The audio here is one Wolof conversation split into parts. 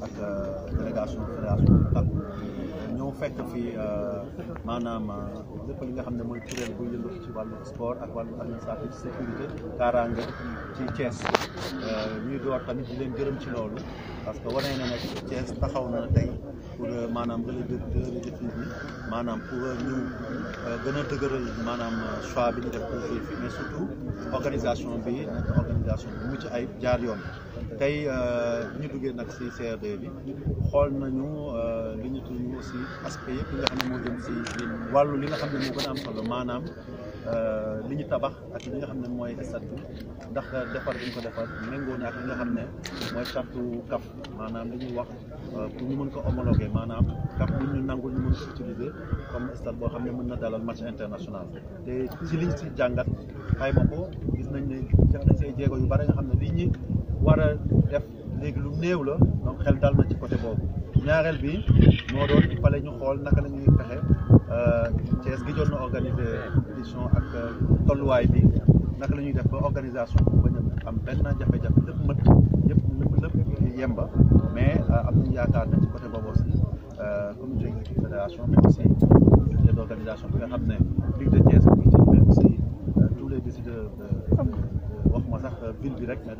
ak euh, délégation fédération bu tàkku mu fekk fii euh, maanaam euh, lépp li nga xam ne mooy kuréel bu yëngu ci wàllu sport ak wàllu administratif sécurité kaaraange ci Thiès euh, ñuy door tamit di leen gërëm ci loolu parce que wane na nag Thiès taxaw na tey pour maanaam relai bi maanaam pour ñu gën a dëgëral maanaam choix bi ñu def pour fii mais surtout organisation bi nekk organisation bi mucc ayib jaar yoon tey ñu duggee nag si CRD bi xool nañu li ñu tudd aussi aspect yëpp li nga xam ne moo jëm si wàllu li nga xam ne moo gën a am euh, li ñu tabax ak li nga xam ne mooy stade ndax defar bi ñu ko defar méngoo na ak li nga xam ne mooy charte CAF maanaam li ñuy wax euh, pour ñu mën ko homologué maanaam CAF bu ñu nangul ñu mu ko utiliser comme stade boo xam ne mën na dalal match international te ci liñ si jàngat xayma ko gis nañ ne def nañ say jéego yu bare nga xam ne li ñi wara a def léegi lu néew la donc xel dal na ci côté boobu ñaareel bi moo doon il ñu xool naka la ñuy fexe euh, Thiès gi doon na organiser édition ak euh, tolluwaay bi naka la ñuy def ba organisation ba ñu am benn jafe-jafe lépp mët yëpp lépp yemba mais euh, am nañu yaakaar ne ci côté boobu aussi comité fédération mais aussi comité d'organisation bi nga xam ne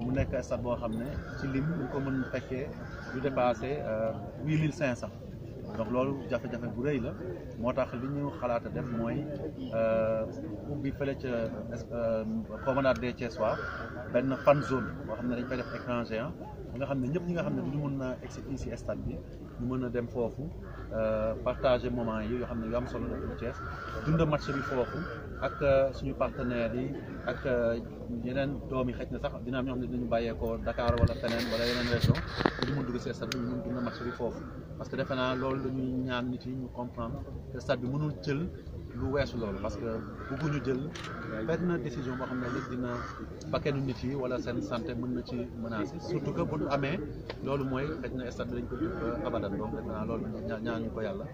mu nekk stade boo xam ne ci lim ñu ko mën fekkee du dépassé euh, huit mille cinq cent donc loolu jafe-jafe bu rëy la moo tax li ñu xalaata def mooy euh, ubbi fële ca euh, promenade des Thiessois benn fan zone boo xam ne dañ fay def écran géant nga xam ne ñëpp ñi nga xam ne du ñu mën a egsi ci stade bi ñu mën a dem foofu Euh, partager moment yi yoo xam ne yu am solo la pour Thiès dund match bi foofu ak euh, suñu partenaires yi ak euh, yeneen doom yi xëj na sax dina am ñoo xam ne dinañu bàyyeekoo Dakar wala feneen wala yeneen ñu mun dugg see stade bi ñu mun parce que defe naa loolu la ñaan nit yi ñu comprendre que mënul jël lu weesu loolu parce que bëgguñu jël benn décision boo xam ne léegi dina bakkenu nit yi wala seen sante mën na ci menacé surtout que bu amee loolu mooy xëj na stade bi dañ ko jël abadan donc loolu ñaan ñaanal ko yàlla